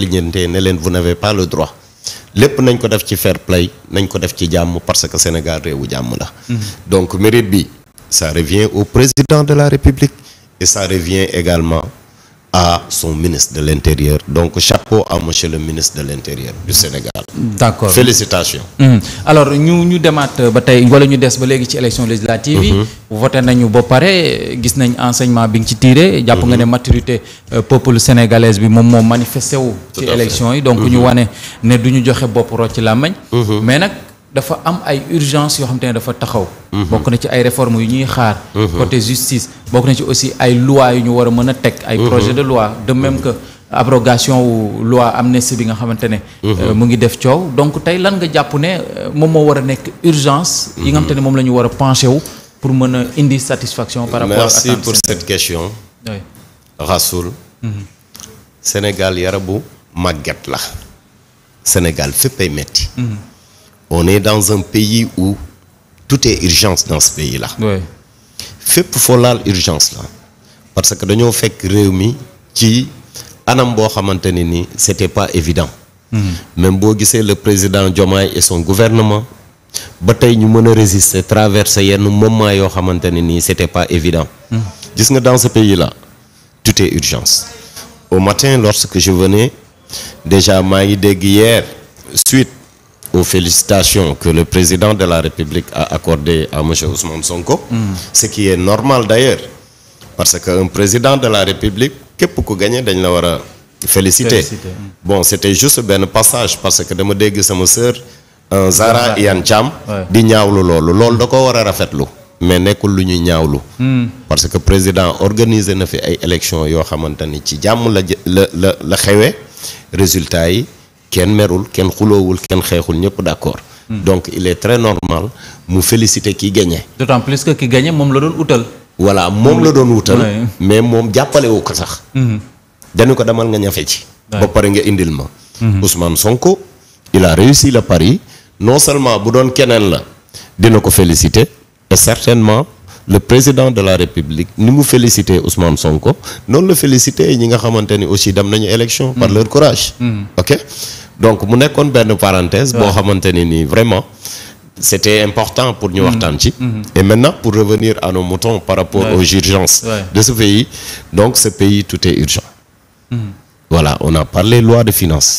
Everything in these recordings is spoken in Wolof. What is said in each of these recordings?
lijjantee ne leen vous n'avez pas le droit lépp nañ ko def ci fair play nañ ko def ci jàmm parce que Sénégal réewu jàmm la. Mm-hmm. donc mérite bi ça revient au président de la République et ça revient également. à son ministre de l'Intérieur. Donc, chapeau à monsieur le ministre de l'Intérieur du Sénégal. D'accord. Félicitations. Mmh. Alors, ñu ñu demaat ba tey wala ñu des ba léegi ci élection législative yi mm-hmm. voté nañu ba pare gis nañ enseignement bi nga ci tiré jàpp nga ne mm-hmm. maturité euh, peuple sénégalaise bi moom moo manifesté wu ci élection yi donc ñu mm-hmm. wane ne du ñu joxe bopp ci làmmañ mais nag dafa am ay urgence yoo xam te ne dafa taxaw. Mhm. bokk na ci ay réformes yu ñuy xaar. Mhm. côté justice bokk na ci aussi ay lois yu ñu war a mën a teg. ay mhm. projet de loi de même que loi am ne amnistie bi nga xamante ne. Euh, mu ngi def coow donc tey lan nga jàpp ne euh, moom moo war a nekk urgence. yi nga xamante ne moom la ñu war a penché wu pour mën a indi satisfaction. par rapport merci à merci pour cette question. oui Rassoul. Sénégal yarabu màgget la. Sénégal fépp ay metti on dans un pays où tout est urgence dans ce pays fépp foo laal urgence la parce que dañoo fekk réew mi ci anam boo xamante ne ni c'était pas évident. Mhm. même boo gisee le président Diomaye et son gouvernement ba tey ñu mën a résister traverser yenn moment yoo xamante ne nii c'était pas évident. Mhm. gis nga dans ce la là tout est urgence. au matin lorsque je déjà maa ngi dégg hier suite. aux félicitations que le président de la République a accordées à monsieur Ousmane Sonko. Mm. ce qui est normal d'ailleurs parce que un président de la République képp ku gagné dañ la war a féliciter hmm. bon c'était juste benn passage parce que dama dégg sama sœur Zara Iyane cam di ñaawlu loolu loolu da ko war a rafetlu mais nekkul lu ñuy ñaawlu hmm. parce que président organiser na fi ay élections yoo xamante ni ci jàmm la la la la xewee résultat yi kenn merul kenn xuloowul kenn xeexul ñëpp d'accord. Hmm. donc il est très normal mu féliciter ki gagné. d'autant plus que ki gagné moom la doon wutal. voilà moom la doon wutal. mais moom jàppalewu ko sax. Hmm. dañu ko demal nga ñafe ci. ba nga indil ma. Hmm. Ousmane Sonko il a réussi le pari non seulement bu doon keneen la dina ko féliciter et certainement. le président de la république ni mu félicité Ousmane Sonko noonu la félicité ñi nga xamante ni aussi dem nañu élection. par leur courage. donc mu nekkoon benn parenthèse boo xamante ni nii vraiment c'était important pour ñu mm-hmm. waxtaan ci mm-hmm. et maintenant pour revenir à nos moutons par rapport ouais. aux urgences ouais. de ce pays donc ce pays tout est urgent mmh. voilà on a parlé loi de finance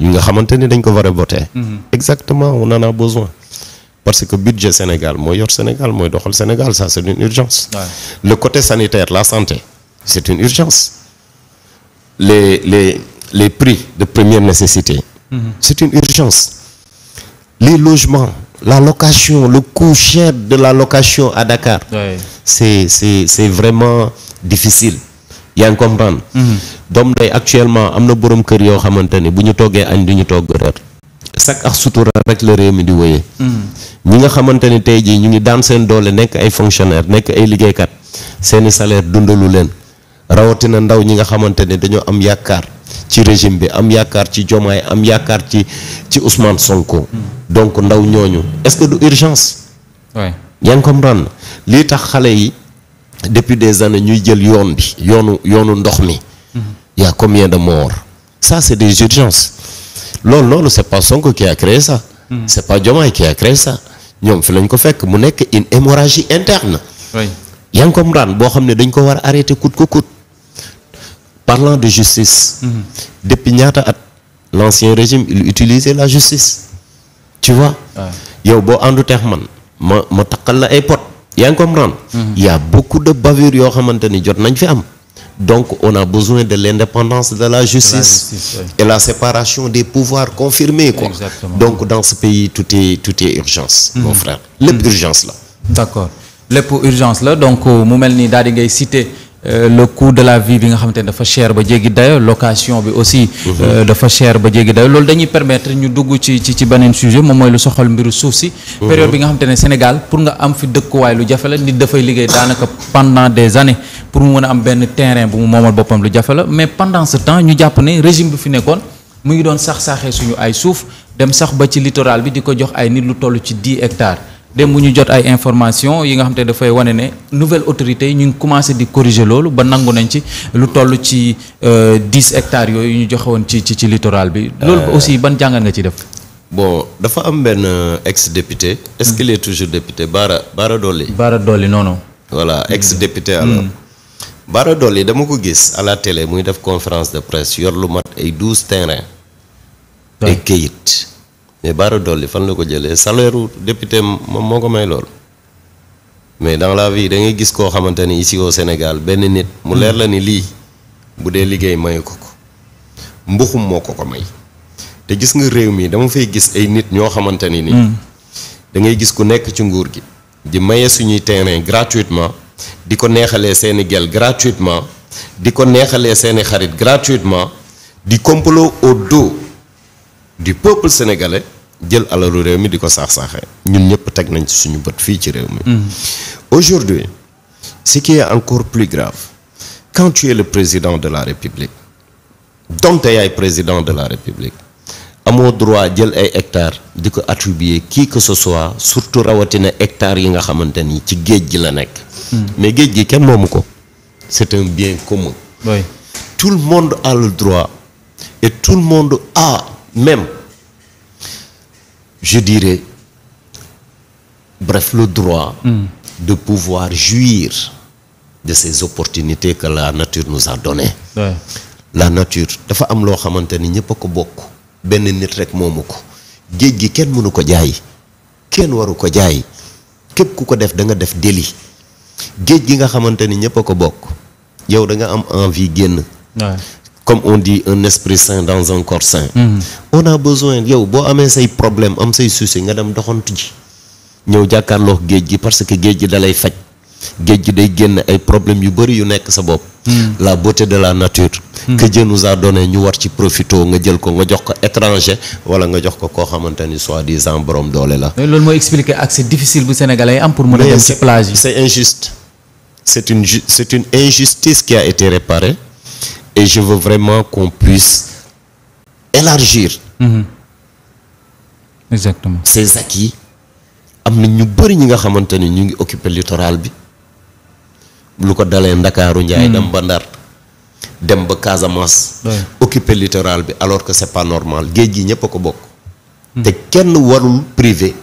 ñu nga xamante ni dañ ko war a voter mm-hmm. exactement on en a besoin parce que budget Sénégal mooy yor Sénégal mooy doxal Sénégal ça c'est une urgence le côté sanitaire la santé c'est une urgence les les les prix de première nécessité Mhm. c'est une urgence les logements la location le coût cher de la location à Dakar ouais. c'est c'est c'est vraiment difficile yaa ngi comprendre mhm. doom day actuellement am na boroom kër yoo xamante ne bu ñu toggee añ du ñu togg reer sak ak sutura rek la réew mi di wéyee mhm. ñi nga xamante ne tey jii ñu ngi daan seen doole nekk ay fonctionnaire nekk ay liggéeykat seeni salaire dundalu leen rawatina ndaw ñi nga xamante ne dañoo am yaakaar ci régime bi am yaakaar ci Diomaye am yaakaar ci ci Ousmane Sonko. donc ndaw ñooñu est-ce que du urgence. oui yaa lii tax xale yi depuis des annes ñuy jël yoon bi yoonu yoonu ndox mi. Mm-hmm. yaa a combien de morts. ça c'est des urgences loolu loolu c'est pas Sonko qui a créé ça. Mm-hmm. c'est pas Diomaye qui a créé ça. ñoom fi lañ ko fekk mu nekk une hémorragie interne. oui yaa ngi comprendre boo xam ne dañ ko war a arrêter coûte que coûte. parlant de justice. Mm depuis ñaata at l'ancien régime il utilisait la justice. tu vois. yow boo àndu teex man ma ma takkal la ay pot. yaa ngi comprendre. il mhm. beaucoup de bavures yoo xamante ni jot nañ fi am. donc on a besoin de l'indépendance de la justice. De la justice oui. et la séparation des pouvoir confirmée quoi. Exactement. donc dans ce pays tout est urgence. Mm frère lépp mhm. urgence la. d'accord lépp urgence la donc euh, mu mel ni daal ngay citer. Euh, le coût de la vie bi nga xamante ne dafa cher ba jéggi dayo location bi aussi mhm. euh, dafa chair ba jéggi dayo loolu dañuy permettre ñu dugg ci ci ci beneen sujet moom mooy lu soxal mbiru suuf si mhm. période bi nga xamante ne Sénégal pour nga am fi dëkkuwaay lu jafe la nit dafay liggéey daanaka pendant des années pour mu mën a am benn terrain bu mu moomal boppam lu jafe la mais pendant ce temps ñu jàpp ne régime bi fi nekkoon mu ngi doon sax-saaxee suñu ay suuf dem sax ba ci littoral bi di ko jox ay nit lu toll ci 10 hectares dem bu ñu jot ay information yi nga xam te dafay wane ne nouvelle autorité ñu ngi commencé di corriger loolu ba nangu nañ ci lu toll ci euh, dix hectares yooyu ñu joxe woon ci ci ci littoral bi. Euh, loolu aussi ban jàngan nga ci def. bon dafa am benn euh, ex député. est-ce hmm. qu'il est toujours député Bara Bara Dolly. Bara Dolly non voilà hmm. ex député hmm. alors. Bara Dolly dama ko gis à télé muy def conférence de presse yor lu mat ay douze terrain ay këyit. mais baara dolli fan la ko jëlee salaire u député moom moo ko may loolu mais dans la vie da ngay gis koo xamante ni ici Sénégal benn nit mu hmm. leer la ni lii bu dee liggéey mayu ko ko mbuxum moo ko ko may te gis nga réew mii dama fay gis ay nit ñoo xamante ni nii hmm. gis ku nekk ci nguur gi di maye suñuy terrain gratuitement di ko neexalee seeni gel gratuitement di ko neexalee seeni xarit gratuitement di complot au dos du peuple sénégalais jël alalu réew mi di ko saax-saaxee ñun ñëpp teg nañ ci suñu bët fii ci réew mi mm. aujourd'hui ce qui est encore plus grave quand le président de la république donte yaay président de la république amoo droit jël ay hectares di ko attribuer kii que ce surtout rawatina hectares yi nga xamante ni ci géej gi la nekk mm. mais géej gi kenn moomu ko c'est un bien commun tout le monde a le droit et tout le monde a même je dirais, bref, le droit mm. de pouvoir jouir de ces opportunités que la nature nous a données. La nature, dafa am loo xamante ni ñëpp a ko bokk benn nit rek moomu ko géej gi kenn mënu ko jaay kenn waru ko jaay képp ku ko def da nga def déli géej gi nga xamante ni ñëpp a ko bokk yow da nga am envie génn. comme on dit un esprit sain dans un corps sain. Mm. on a besoin yow boo amee say problème am say soucis nga dem doxantu ji ñëw jàkkaarloo géej gi parce que géej gi da lay faj géej gi day génn ay problèmes yu bëri yu nekk sa bopp. Mm. la beauté de la nature. Mm. que Dieu nous a ñu war ci profito nga jël ko nga jox ko étranger wala nga jox ko koo xamante ni soi-disant borom doole la. loolu mooy expliquer accès difficile bu sénégalais am pour mën a dem ci plage une ju c'est une et je vraiment qu'on puisse élargir. Mmh. exactement ces am na ñu bëri ñi nga xamante ni ñu ngi occuper littoral bi lu ko dalee Ndakaaru Njaay mhm. dem ba Ndar dem ba Casamance. occuper littoral bi alors que c'est pas normal géej gi ñëpp a ko bokk. Mhm. te kenn warul privé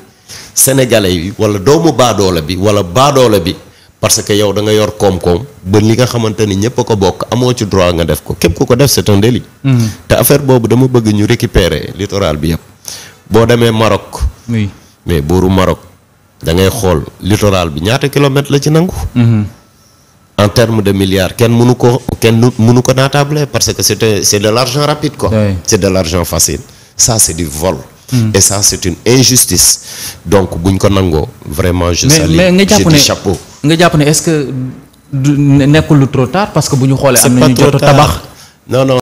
sénégalais bi wala doomu baadoola bi wala baadoole bi. parce que yow da nga yor koom-koom ba li nga xamante ni ñëpp a ko bokk amoo ci droit nga def ko képp ku ko def c'est un délit mm-hmm. te affaire boobu dama bëgg ñu récupérer littoral bi yëpp boo demee Maroc oui mais buuru Maroc da ngay xool littoral bi ñaata kilomètres la ci nangu mm-hmm. en terme de milliards kenn mënu ko kenn mënu ko naatable parce que c'était c'est de l'argent rapide quoi oui. c'est de l'argent facile ça c'est du vol mm-hmm. et ça c'est une injustice donc buñ ko nangoo vraiment je salue nga jàpp ne est-ce que du nekkul lu trop tard parce que bu ñu xoolee. am na ñu jot a tabax non